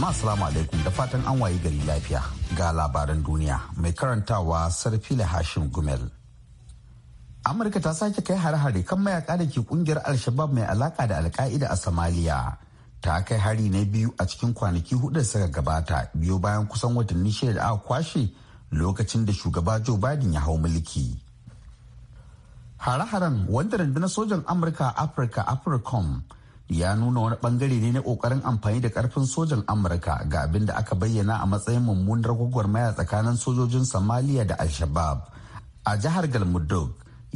jama'a salamu alaikum da fatan an wayi gari lafiya ga labaran duniya mai karantawa sarfila hashim gumel amurka ta sake kai hare-hare kan mayaka da ke kungiyar alshabab mai alaka da alka'ida a somalia ta kai hari na biyu a cikin kwanaki hudu da suka gabata biyu bayan kusan watanni shida da aka kwashe lokacin da shugaba joe biden ya hau mulki hare-haren wanda rundunar sojan amurka afirka africom ya nuna wani bangare ne na kokarin amfani da karfin sojan amurka ga abin da aka bayyana a matsayin mummunar gwagwarmaya tsakanin sojojin samaliya da al-shabab a jihar galmudug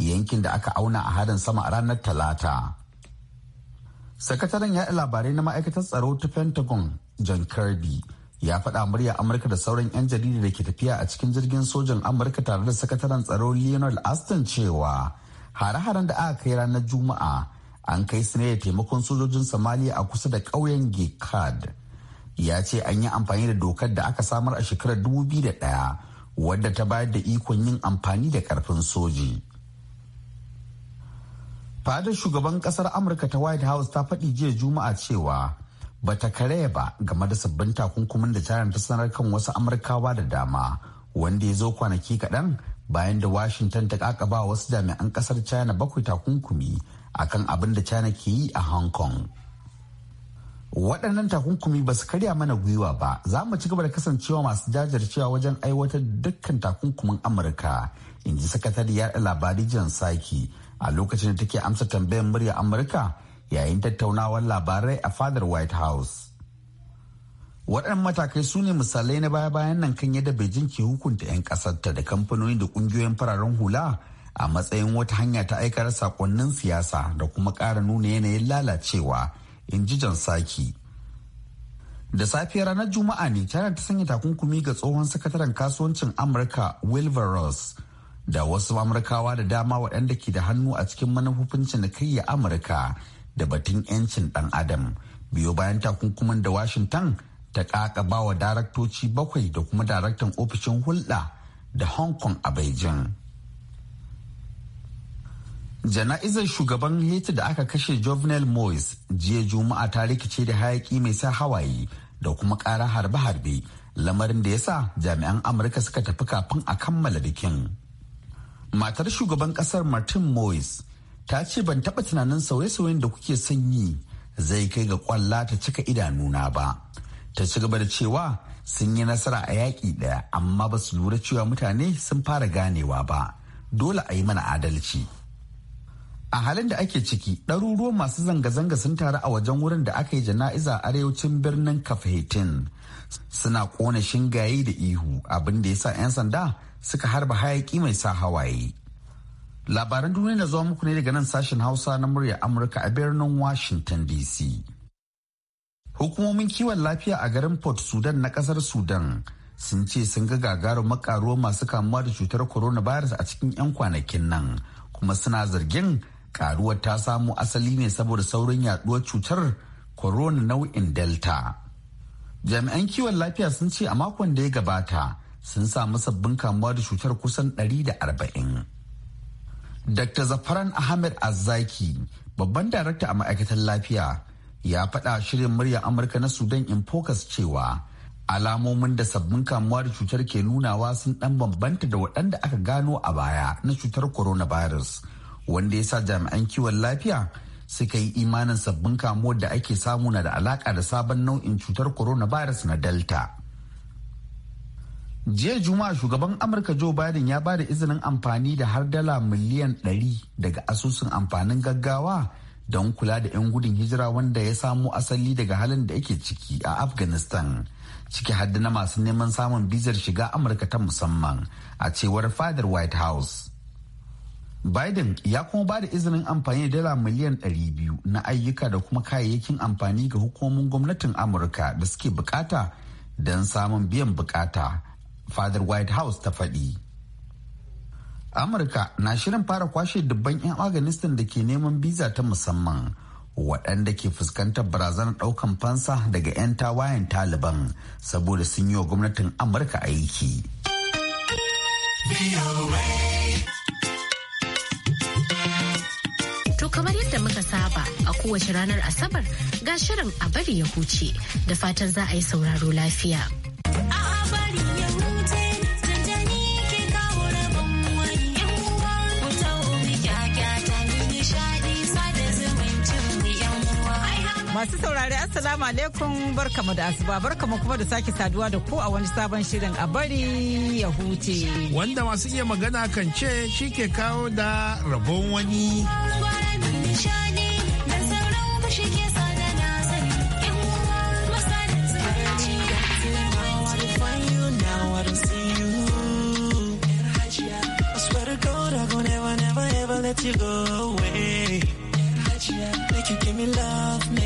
yankin da aka auna a harin sama a ranar talata sakataren yaɗa labarai na ma'aikatar tsaro ta pentagon john kirby ya faɗa murya amurka da sauran 'yan jarida da ke tafiya a cikin jirgin sojan amurka tare da sakataren tsaro leonard aston cewa hare-haren da aka kai ranar juma'a an kai su ne da taimakon sojojin somalia a kusa da ƙauyen gekad ya ce an yi amfani da dokar da aka samar a shekarar 2001 wadda ta bayar da ikon yin amfani da karfin soji fadar shugaban kasar amurka ta white house ta faɗi jiya juma'a cewa ba ta karaya ba game da sabbin takunkumin da china ta sanar kan wasu amurkawa da dama wanda ya zo kwanaki kaɗan bayan da washington ta kakaba wasu jami'an kasar china bakwai takunkumi akan abin da China ke yi a Hong Kong. Waɗannan takunkumi ba su karya mana gwiwa ba, za mu ci gaba da kasancewa masu jajircewa wajen aiwatar dukkan takunkumin Amurka, in ji sakatariyar labari Jan Saki a lokacin da take amsa tambayar murya Amurka yayin tattaunawar labarai a fadar White House. waɗannan matakai su ne misalai na baya-bayan nan kan yadda beijing ke hukunta 'yan ƙasarta da kamfanoni da ƙungiyoyin fararen hula a matsayin wata hanya ta aikar sakonnin siyasa da kuma ƙara nuna yanayin lalacewa in ji jan saki da safe ranar juma'a ne china ta sanya takunkumi ga tsohon sakataren kasuwancin amurka wilbur ross da wasu amurkawa da dama waɗanda ke da hannu a cikin manufofin cinikayya amurka da batun 'yancin ɗan adam biyo bayan takunkuman da washington ta ƙaƙabawa daraktoci bakwai da kuma daraktan ofishin hulɗa da hong kong a beijing Jana'izar shugaban Haiti da aka kashe Jovenel Moise jiya Juma'a ta rikice da hayaki mai sa hawaye da kuma ƙara harbe-harbe lamarin da ya sa jami'an Amurka suka tafi kafin a kammala bikin. Matar shugaban ƙasar Martin Moise ta ce ban taɓa tunanin sauye-sauyen da kuke son yi zai kai ga kwalla ta cika idanuna ba. Ta ci gaba da cewa sun yi nasara a yaƙi ɗaya amma ba su lura cewa mutane sun fara ganewa ba. Dole a yi mana adalci. a halin da ake ciki ɗaruruwan masu zanga-zanga sun taru a wajen wurin da aka yi jana'iza arewacin birnin kafahitin suna kona shingaye da ihu abin da ya sa 'yan sanda suka harba hayaki mai sa hawaye labaran duniya na zuwa muku ne daga nan sashen hausa na murya amurka a birnin washington dc hukumomin kiwon lafiya a garin port sudan na kasar sudan sun ce sun ga gagarumar makaruwa masu kamuwa da cutar coronavirus a cikin 'yan kwanakin nan kuma suna zargin karuwar ta samo asali ne saboda saurin yaduwar cutar corona nau'in delta jami'an kiwon lafiya sun ce a makon da ya gabata sun samu sabbin kamuwa da cutar kusan 140 dr zafaran ahmed azzaki babban darakta a ma'aikatar lafiya ya faɗa shirin murya amurka na sudan in focus cewa alamomin da sabbin kamuwa da cutar ke nunawa sun ɗan bambanta da waɗanda aka gano a baya na cutar coronavirus wanda ya sa jami'an kiwon lafiya suka yi imanin sabbin kamuwar da ake samu na da alaka da sabon nau'in cutar coronavirus na delta jiya juma'a shugaban amurka joe biden ya bada izinin amfani da har dala miliyan 100 daga asusun amfanin gaggawa don kula da 'yan gudun hijira wanda ya samu asali daga halin da yake ciki a afghanistan ciki hadda na masu neman samun bizar shiga amurka ta musamman a cewar fadar white house Biden ya kuma bada izinin amfani da dala miliyan 200 na ayyuka da kuma kayayyakin amfani ga hukumomin gwamnatin Amurka da suke bukata don samun biyan bukata. Fadar White House ta faɗi. Amurka na shirin fara kwashe dubban 'yan Afghanistan da ke neman biza ta musamman waɗanda ke fuskantar barazanar ɗaukan fansa daga 'yan tawayen Taliban saboda sun yi wa gwamnatin Amurka aiki. kamar yadda muka saba a kowace ranar Asabar ga shirin a bari ya huce da fatan za a yi sauraro lafiya. Masu saurari Assalamu alaikum barkamu da asuba barkamu kuma da sake saduwa da ku a wani sabon shirin a bari ya huce. Wanda masu iya magana kan ce shi ke kawo da rabon wani. let you go away. Make you love, I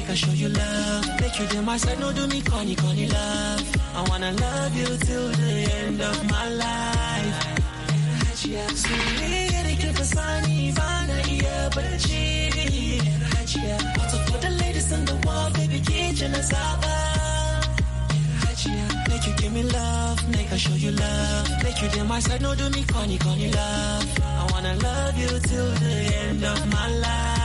you till the end of my life. saba. Hajiya, make you give me love, make I show you love. Make you do my side, no do me corny, corny love. I wanna love you till the end of my life.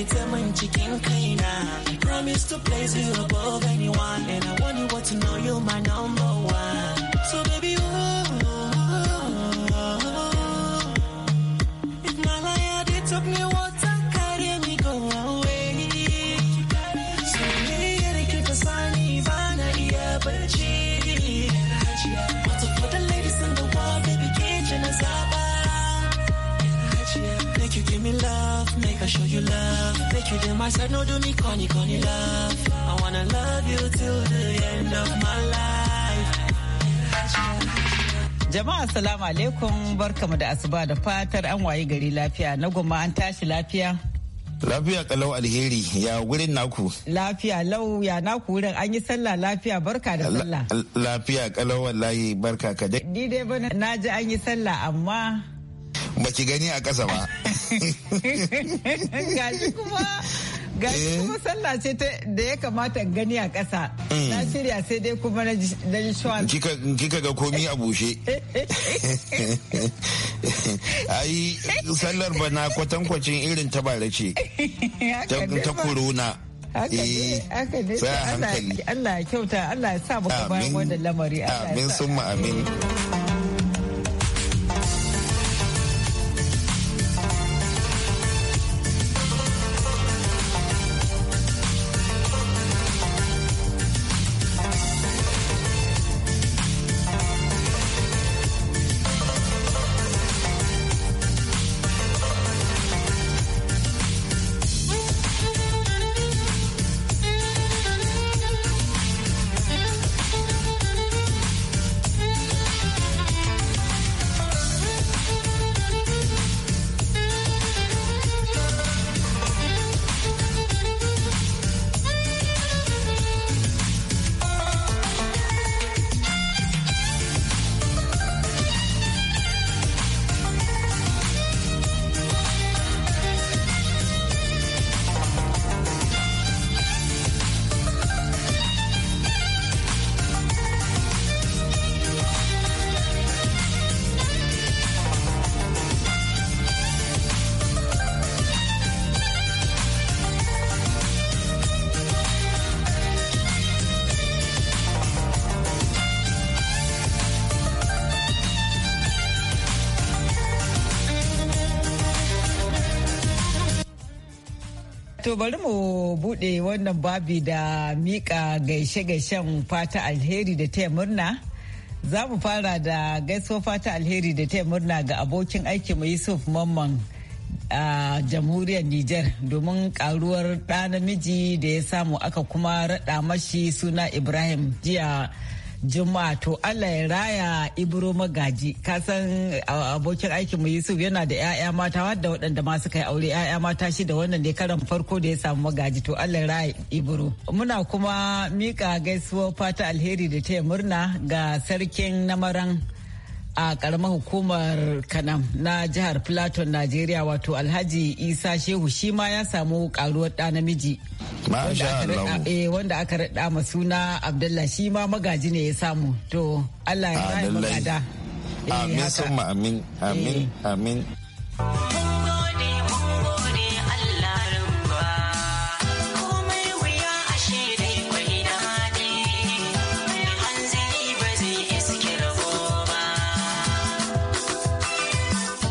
ki ta min cikin kaina promise to place you above anyone and I want you to know you're my number one so baby Assalamu alaikum barkamu da asuba da fatar an waye gari lafiya na goma an tashi lafiya. Lafiya kalau alheri ya wurin naku. Lafiya lau ya naku wurin an yi sallah lafiya barka da sallah. Lafiya kalau wallahi barka ka dai. Ni dai bana na ji an yi sallah amma. Baki gani a ƙasa ba. Gashi kuma. gani eh. kuma sallah ce da ya kamata gani a ƙasa mm. na shirya sai dai kuma na ji shawan kika ga komi a bushe ai sallar ba na kwatankwacin irin ta bare ce ta corona eh, sai a hankali Allah ya kyauta Allah ya sa muka bayan wannan lamari amin sun amin To bari mu bude wannan babi da mika gaishe-gaishen fata alheri da taya murna. Za mu fara da gaisuwa fata alheri da taya murna ga abokin aiki mai Yusuf Mamman a jamhuriyar niger domin karuwar ɗa namiji da ya samu aka kuma raɗa mashi suna Ibrahim jiya. juma'a to allah ya raya ibro magaji kasan abokin aikinmu yusuf yana da 'ya'ya mata wadda waɗanda masu kai aure 'ya'ya mata shi da wannan ne karan farko da ya samu magaji to allah ya raya ibro muna kuma mika gaisuwar fata alheri da ta murna ga sarkin namaran a karamar hukumar kanam na jihar platon najeriya wato alhaji isa shehu shi ma ya samu karuwar ɗa namiji eh, wanda aka raɗa ma suna abdullah shi ma magaji ne ya samu to allah ya magada eh, amin amin eh. amin amin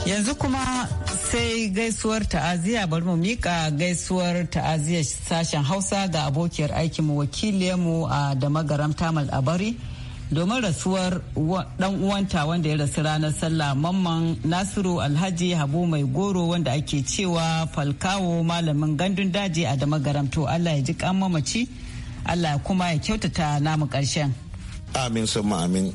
yanzu kuma sai gaisuwar ta'aziyya bari mu mika gaisuwar ta'aziyyar sashen hausa ga abokiyar aikinmu wakiliyarmu a da magaram tamal abari domin rasuwar dan uwanta wanda ya rasu ranar sallah mamman nasiru alhaji habu mai goro wanda ake cewa falkawo malamin gandun daji a da to allah ya ji kan mamaci allah kuma ya kyautata namu karshen amin amin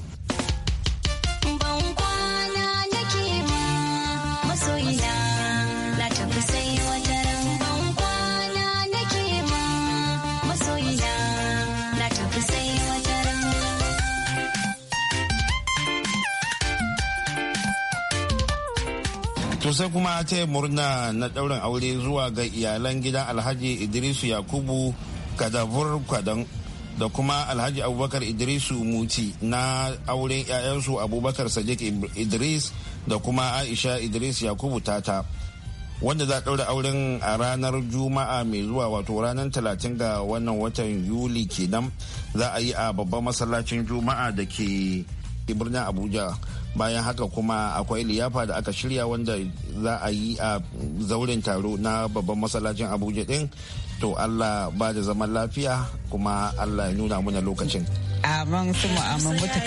sai kuma ta murna na ɗaurin aure zuwa ga iyalan gidan alhaji idrisu yakubu kadabur kwadon da kuma alhaji abubakar idrisu muti na auren 'ya'yansu abubakar sadiq idris da kuma aisha idris yakubu tata wanda za a ɗaura auren a ranar juma'a mai zuwa wato ranar talatin ga wannan watan yuli kenan za a yi a babban masallacin juma'a da ke birnin abuja bayan haka kuma akwai liyafa da aka shirya wanda za a yi a zauren taro na babban masallacin abuja din to allah ba da zaman lafiya kuma allah ya nuna muna lokacin su mutu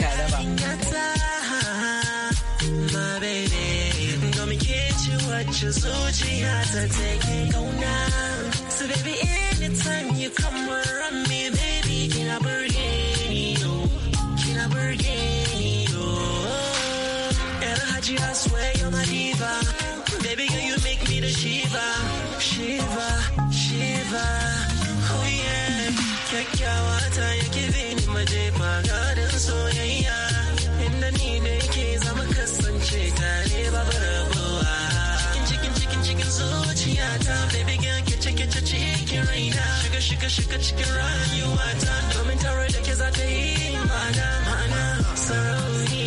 energy, I swear you're my diva. Baby girl, you make me the Shiva, Shiva, Shiva. Oh yeah, kyakkyawa ya yake bini maje magarin soyayya. Inda ni ne ke zama kasance tare babu rabuwa. Cikin cikin cikin cikin zuciya ta baby girl ke chicken cikin raina. Sugar, sugar, sugar, cikin rayuwa ta domin tare da ke za ta yi mana, mana, sarauniya.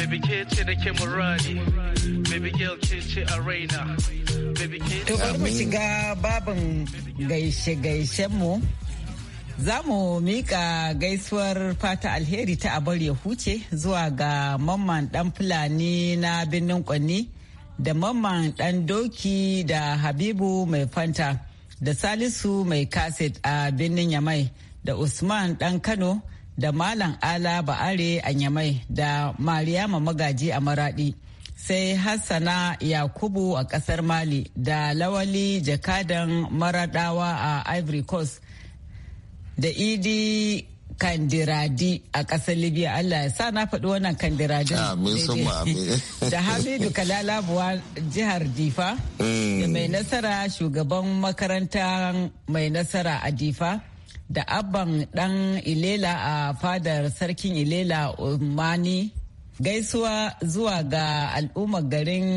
baby ke da ke muradi baby girl a raina to bari mu shiga babin gaishe gaishen mu za mu mika gaisuwar fata alheri ta abar ya huce zuwa ga mamman dan fulani na birnin kwanni da mamman dan doki da habibu mai fanta da salisu mai kaset a birnin yamai da usman dan kano da Malam Ala Ba'are a Nyamai da Mariyama Magaji a Maradi. Sai Hassana Yakubu a ƙasar Mali da Lawali Jakadan Maradawa a Ivory Coast da Idi kandiradi a ƙasar libya allah ya sa na faɗi wannan kandiradi da hamidu kalalabuwa jihar difa da mm. mai nasara shugaban makaranta mai nasara a difa da abban dan ilela a fadar sarkin ilela umani gaisuwa zuwa ga al'ummar garin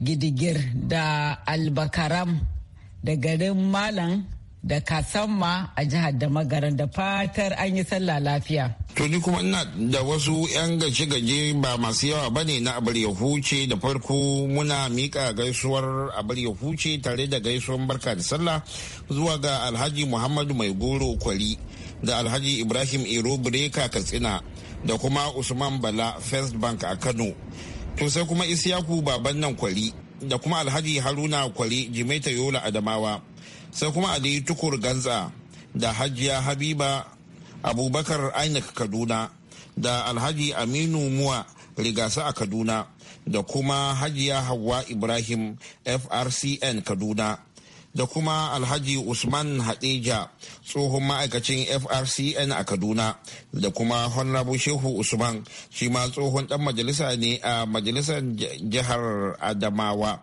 gidigir da albakaram da garin malam da kasamma a jihar da magaran da fatar an yi sallah lafiya. To ni kuma ina da wasu 'yan gaje-gaje ba masu yawa ba ne na abar ya huce da farko muna mika gaisuwar abar ya huce tare da gaisuwar barka da sallah zuwa ga alhaji muhammadu mai goro kwali da alhaji ibrahim ero breka katsina da kuma usman bala first bank a kano to sai kuma isiyaku baban nan kwali da kuma alhaji haruna kwali jimaita yola adamawa sai kuma aliyu tukur ganza da hajiya habiba abubakar ainihin kaduna da alhaji aminu muwa rigasa a kaduna da kuma hajiya hawa ibrahim frcn kaduna da kuma alhaji usman hadeja tsohon ma'aikacin frcn a kaduna da kuma honrabu shehu usman shi ma tsohon dan majalisa ne a majalisar jihar adamawa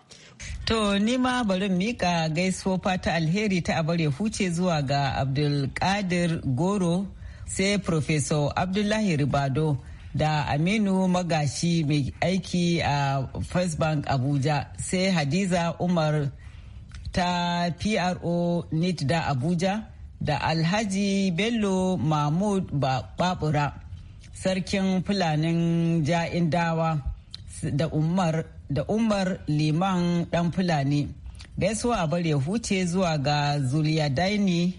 To nima bari mika gaisuwa fata alheri ta abare huce zuwa ga Abdulkadir Goro sai Professor Abdullahi Ribado da Aminu Magashi mai aiki a First Bank Abuja sai Hadiza Umar ta PRO NIT da Abuja da Alhaji Bello Mahmud Babura Sarkin Fulanin Ja'in Dawa da Umar da Umar Liman ɗan Fulani. Gaisuwa a Bari ya huce zuwa ga Daini,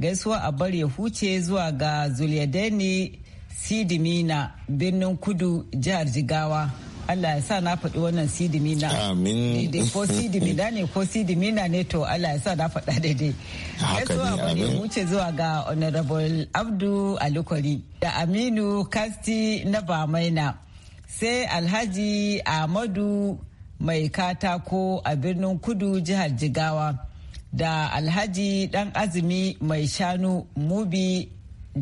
gaisuwa a Bari ya huce zuwa ga Zuliyadaini Sidimina birnin kudu jihar Jigawa. Allah ya sa na faɗi wannan sidimina. Amin. Ko sidimina ne ko sidimina ne to Allah ya sa na faɗa daidai. Haka a amin. huce zuwa ga Honorable Abdu Alukwari da Aminu Kasti na Bamaina. sai alhaji Amadu mai katako a birnin kudu jihar jigawa da alhaji dan azumi mai shanu mubi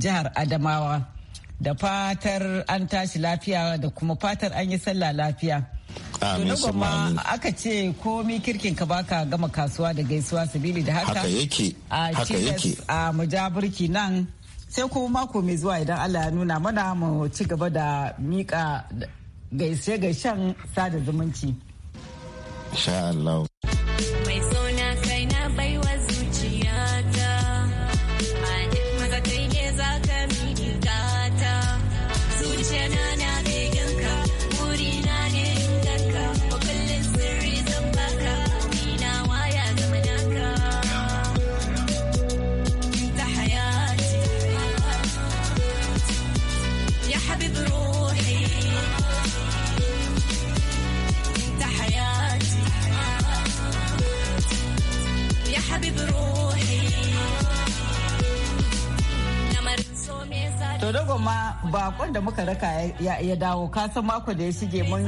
jihar adamawa da fatar an tashi lafiya da kuma fatar an yi sallah lafiya ma aka ce komi kirkin ka baka gama kasuwa da gaisuwa sabili da haka a yake a mujaburki nan sai kuma mako mai zuwa idan allah ya nuna mana mu ci gaba da mika gaishe gaishen sada zumunci. Sha Allah. da muka raka ya dawo kasan mako da ya shige mun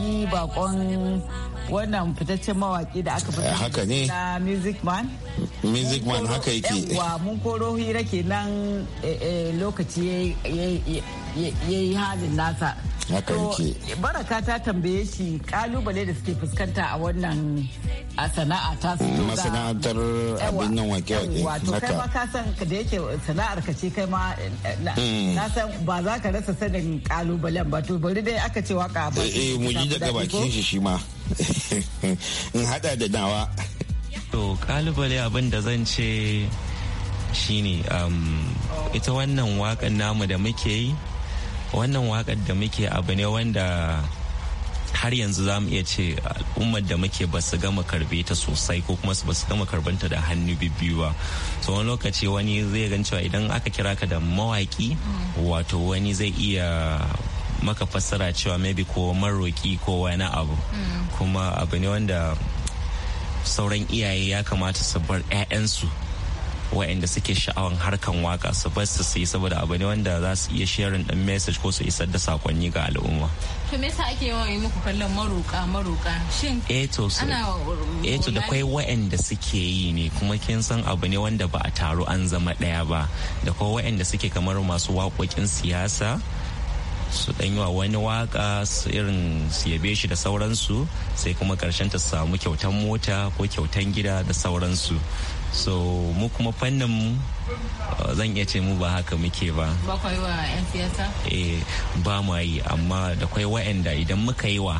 yi bakon wannan fitaccen mawaki da aka fita haka na music man music man haka yake wa mun koro hira kenan eh, eh, lokaci ya yi halin nasa haka yake baraka ta tambaye shi kalubale da suke fuskanta a wannan a sana'a ta su masana'antar abin nan wake-wake wato kai ma ka san da yake sana'ar ka ce kai ma mm. na san ba za ka rasa sanin kalubalen ba to bari dai aka ce waka ba eh, eh mu ji daga bakin shi shi ma in hada da nawa to kalubale abin da zan ce shine um, ita wannan wakan namu da muke yi wannan wakar da muke abu ne wanda har yanzu za mu iya ce al'ummar da muke ba su gama karbe ta sosai ko kuma ba su gama karbanta da hannu biyu ba so wani lokaci wani zai gan cewa idan aka kira ka da mawaki wato wani zai iya maka fassara cewa maybe ko maroki ko wani abu mm. kuma abu ne wanda sauran iyaye ya kamata su bar 'ya'yansu waɗanda suke sha'awan harkan waka su bar su yi saboda abu ne wanda za su iya sharing dan message ko su isar da sakonni ga al'umma. To me yasa ake yawan yi muku kallon maroka maroka shin eh to ana eh to da kwai waɗanda suke yi ne kuma kin san abu ne wanda ba a taru an zama ɗaya ba da kwai waɗanda suke kamar masu waƙoƙin siyasa su dan yi wa wani waka su irin su yabe shi da sauransu sai kuma karshen ta samu kyautan mota ko kyautan gida da sauransu so mu kuma fannin mu uh, zan iya ce mu ba haka muke ba ba kwai 'yan siyasa eh ba mu yi amma da kwai wa'anda idan muka yi wa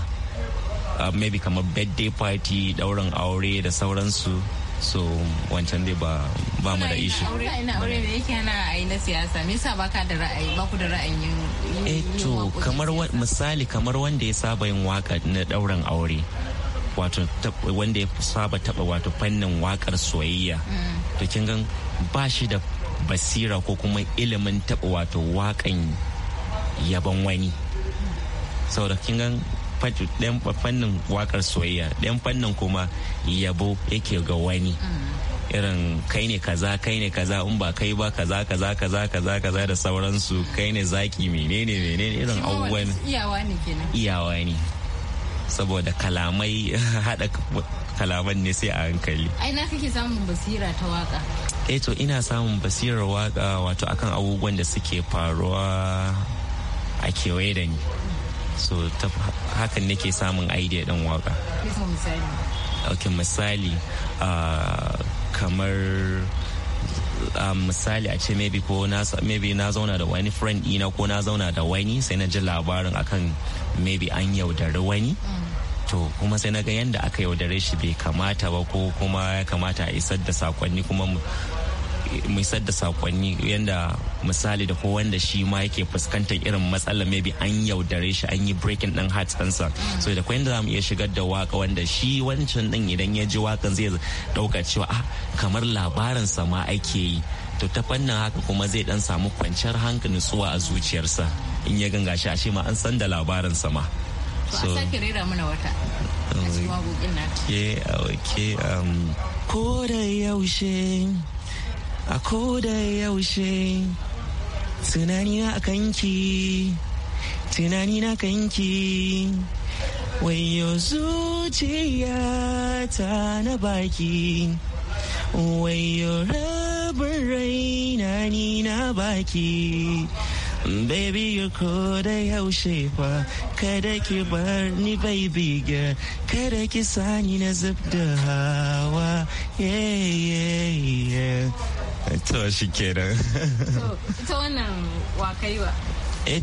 uh, maybe kamar birthday party dauran aure da sauransu so wancan dai ba ba mu da ishi ina aure me yake yana a yi na siyasa me yasa baka da ra'ayi ba ku da ra'ayin yin eh to kamar misali kamar wanda ya saba yin waka na dauran aure wato wanda ya saba taba wato fannin wakar soyayya mm. to kin gan ba shi da basira ko kuma ilimin taba wato wakan yaban wani saboda kin gan fannin wakar soyayya ɗan fannin kuma yabo yake ga wani mm. irin kai ne kaza kai ne kaza in ba kai ba kaza kaza kaza kaza kaza da sauransu kai ne zaki menene menene irin abubuwan iyawa ne kenan iyawa ne saboda kalamai haɗa kalaman ne sai a hankali ai na kake samun basira ta waka eh to ina samun basirar waka wato akan abubuwan da suke faruwa a kewaye da ni so hakan nake samun idea dan waka ok misali uh, kamar Um, misali a ce maybe ko na maybe na zauna da wani friend ɗina ko na zauna da wani sai na ji labarin akan maybe an yaudari wani to kuma sai na ga yadda aka yaudare shi bai kamata ba ko kuma ya kamata a isar da sakonni kuma mu isar da sakonni yanda misali da ko wanda shi ma yake fuskantar irin matsalar maybe an yaudare shi an yi breaking din heart ɗansa so da kwai za mu iya shigar da waka wanda shi wancan din idan ya ji wakan zai ɗauka cewa ah kamar labarin sa ma ake yi to ta fannin haka kuma zai dan samu kwanciyar hankali nutsuwa a zuciyarsa in ya ganga shi ashe ma an san da labarin sa ma so sake rera mana wata a cikin waƙoƙin na um, ko da yaushe a koda yaushe tunani na kanki tunani na kanki wayo zuciya ta na baki wayo rabin raina ni na baki Baby you koda yaushe fa kada ki bar ni baby girl kada ki sani na zub da hawa yeah yeah yeah to shi kenan ita wannan waka yi wa eh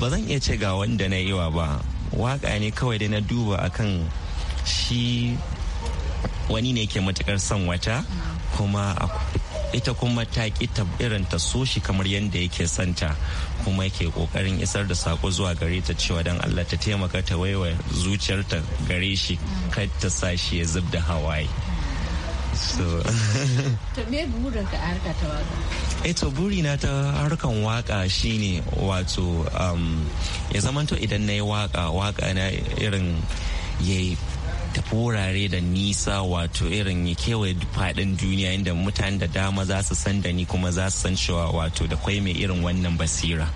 ba zan iya ce ga wanda na yi wa ba waka ne kawai da na duba akan shi wani ne ke matukar son wata kuma ita kuma ta ki irin ta so shi kamar yadda yake santa kuma yake kokarin isar da sako zuwa gare ta cewa don Allah ta taimaka ta waiwa zuciyarta gare shi mm. kar ta sa shi ya zub da hawaye so to me burin ka harka ta waka eto eh to burina ta harkan waka shine wato um, ya zamanto idan na yi waka waka na irin ya tafi wurare da nisa wato irin ya kewaye faɗin duniya inda mutane da dama za su san da ni kuma za su san cewa wato da kwai mai irin wannan basira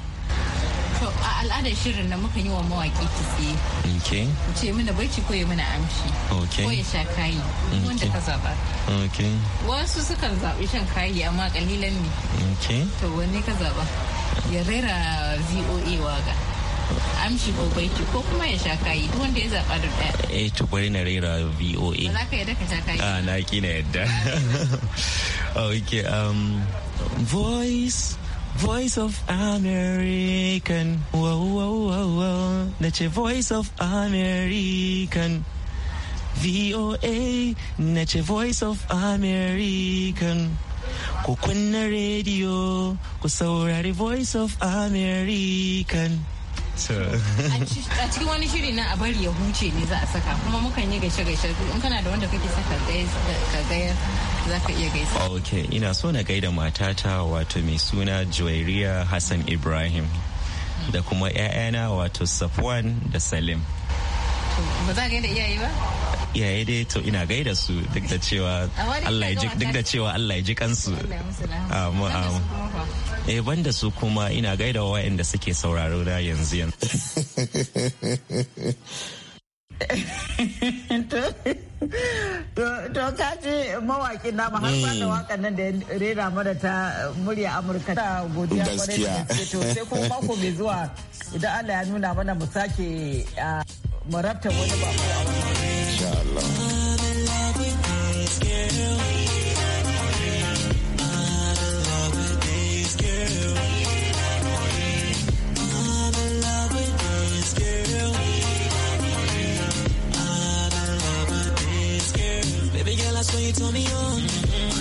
To a al'adar shirin na muka yi wa mawaƙi kitse. Okay. Ce mana barci ko ya mana amshi. Okay. Ko ya sha kayi. Wanda ka zaɓa. Okay. Wasu sukan zaɓi shan kayi amma ƙalilan ne. Okay. To wanne ka zaɓa Ya rera VOA waga. amshi ko baiti ko kuma ya sha kayi duk wanda ya zaɓa da ɗaya. eh to bari na rera VOA ba za ka yadda ka sha kayi ah na ki na yadda okay um voice Voice of American. Wow, wow, wow, wow. Na ce Voice of American. VOA na ce Voice of American. Ku kunna rediyo ku saurari Voice of American. a cikin wani shiri na a bari ya huce ne za a saka kuma mukan yi gaishe-gaishe in kana da wanda kake saka gayar za ka iya gaisa ok ina so na gaida matata wato mai suna joyriya hassan ibrahim da kuma 'ya'yana wato safwan da salim ba za gaida iyaye ba iyaye dai to ina gaida su duk da cewa Allah ya ji duk da cewa Allah ya ji kansu amu amu eh banda su kuma ina gaida wa waɗanda suke sauraro da yanzu yanzu To ka ce mawaƙi na ma har da hmm. nan da ya rera mana ta murya Amurka ta godiya kwarai da to sai kuma mako mai zuwa idan Allah ya nuna mana mu sake marabta wani ba Insha Allah. Baby girl, I swear you turn me on.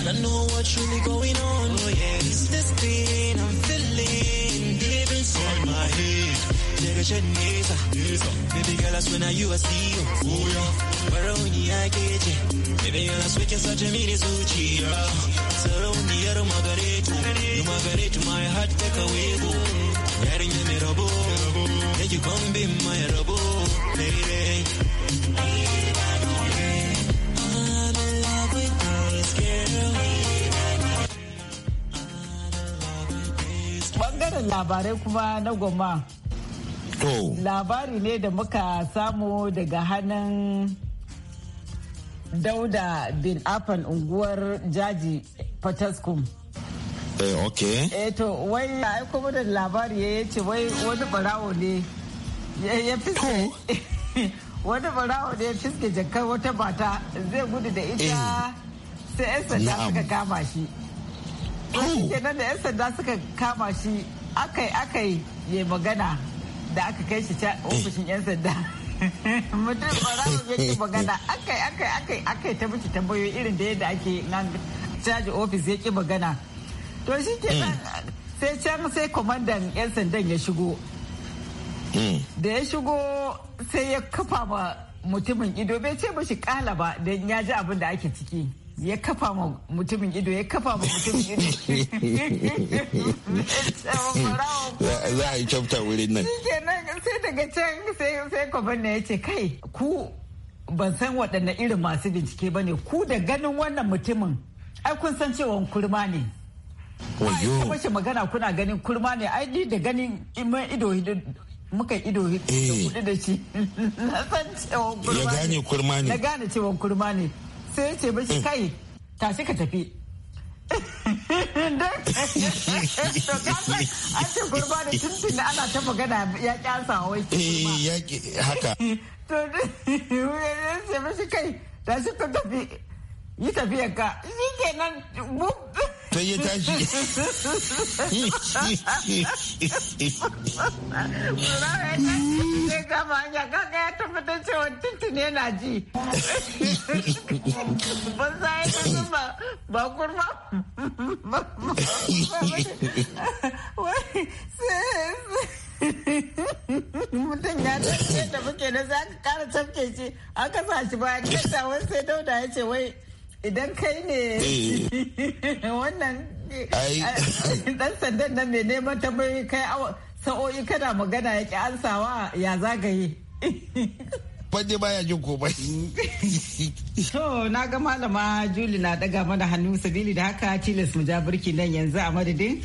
I don't know what's really going on. Oh yeah, it's this pain I'm feeling deep inside my head. Direct neza, baby girl, I swear now you I see you. Oh yeah, where on the I get you. Baby girl, I swear you're such a mini sushi. Solo on the other margarita, you margarita, my heart take away. Getting in the rubble, make you come be my rubble, baby. wannan labarai kuma na goma. Labari ne da muka samu daga hannun dauda bin afan unguwar jaji Fataskum. Eh, ok. Eh, to, wai ya aiko da labari ya ce wai wani barawo ne ya fi Wani barawo ne ya fiske jakar wata mata zai gudu da ita eh. sai 'yan sanda suka kama shi. Kenan da 'yan sanda suka kama shi akai akai ya magana da aka kai shi ta ofishin eh. yan sanda mutum barawo ya ki magana akai akai akai yi ta miki tambayoyi irin da yadda ake nan caji ofis ya ki magana to shi ke eh. sai can sai kwamandan yan sandan ya shigo eh. da ya shigo sai ya kafa ma mutumin ido bai ce ba shi kala ba don ya ji abin da ake ciki ya kafa ma mutumin ido ya kafa ma mutumin ido za a yi kyauta wurin nan sai daga can sai kwabanna ya ce kai ku ban san waɗanne irin masu bincike ba ne ku da ganin wannan mutumin ai kun san cewa kurma ne wayo kuma shi magana kuna ganin kurma ne ai ni da ganin iman ido muka ido kudi eh. da shi na san cewa kurma ne na gane cewa kurma ne sai ya ce kai tashi ka tafi an ce kurba da tuntun da ana ta magana ya kyasa wai eh, haka to kai tashi ka tafi yi tafiyar ka shi kenan sai ya tashi ji mutum ya da muke na za ka kara tafke shi aka sa shi ba ya kasa wasu sai dauda ya ce wai idan kai ne eh. wannan dan sandan nan mai neman tambayoyi kai sa'o'i kana magana ya ki ansawa ya zagaye ba ya jin komai. To na ga malama Juli na daga mana hannu sabili da haka tilas mu ja nan yanzu a madadin.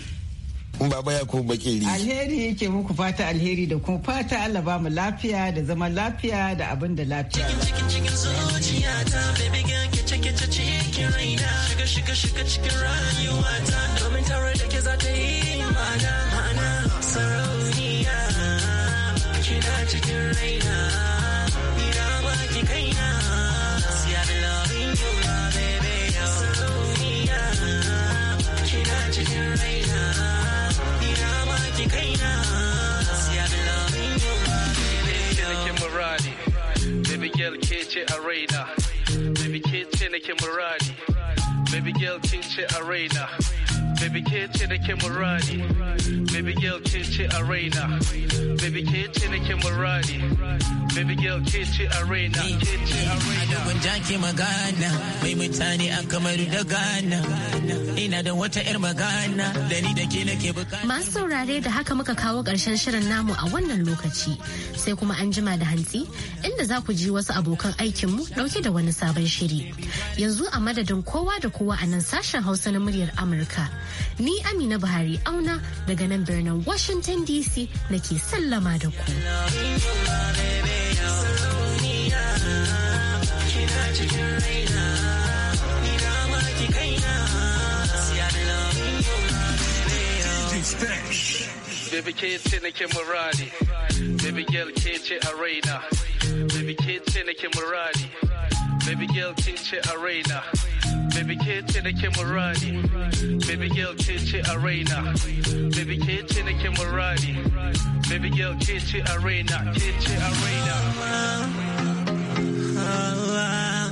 Baba ya ko bakeri. Alheri yake muku fata alheri da kuma fata Allah ba mu lafiya da zaman lafiya da abin da lafiya. Cikin cikin cikin zuciya ta baby ke ta cikin raina shiga shiga shiga cikin rayuwa ta domin tare da ke za ta yi ma'ana sarauniya kina cikin raina ina ba ki kaina see I be loving you my sarauniya kina cikin raina ina ba kaina a raina baby ke ce nake baby girl kin arena. baby ke ce da muradi baby girl ke ce baby ke ce da muradi baby girl arena. ce a raina ke ce a gun magana mai mutane an kamar da gana ina da wata yar magana da ni da ke nake bukata masu saurare da haka muka kawo karshen shirin namu a wannan lokaci sai kuma an jima da hantsi inda za ku ji wasu abokan aikinmu dauke da wani sabon shiri yanzu a madadin kowa da kowa a nan sashen hausa na muryar amurka ni Amina Buhari auna daga nan birnin Washington DC nake sallama da ku. Baby ke ce nake baby girl ke ce a raina, baby ke ce nake baby girl ce a raina. baby ke ce da baby girl ke ce a baby ke ce da baby girl ke ce arena. raina ke ce a raina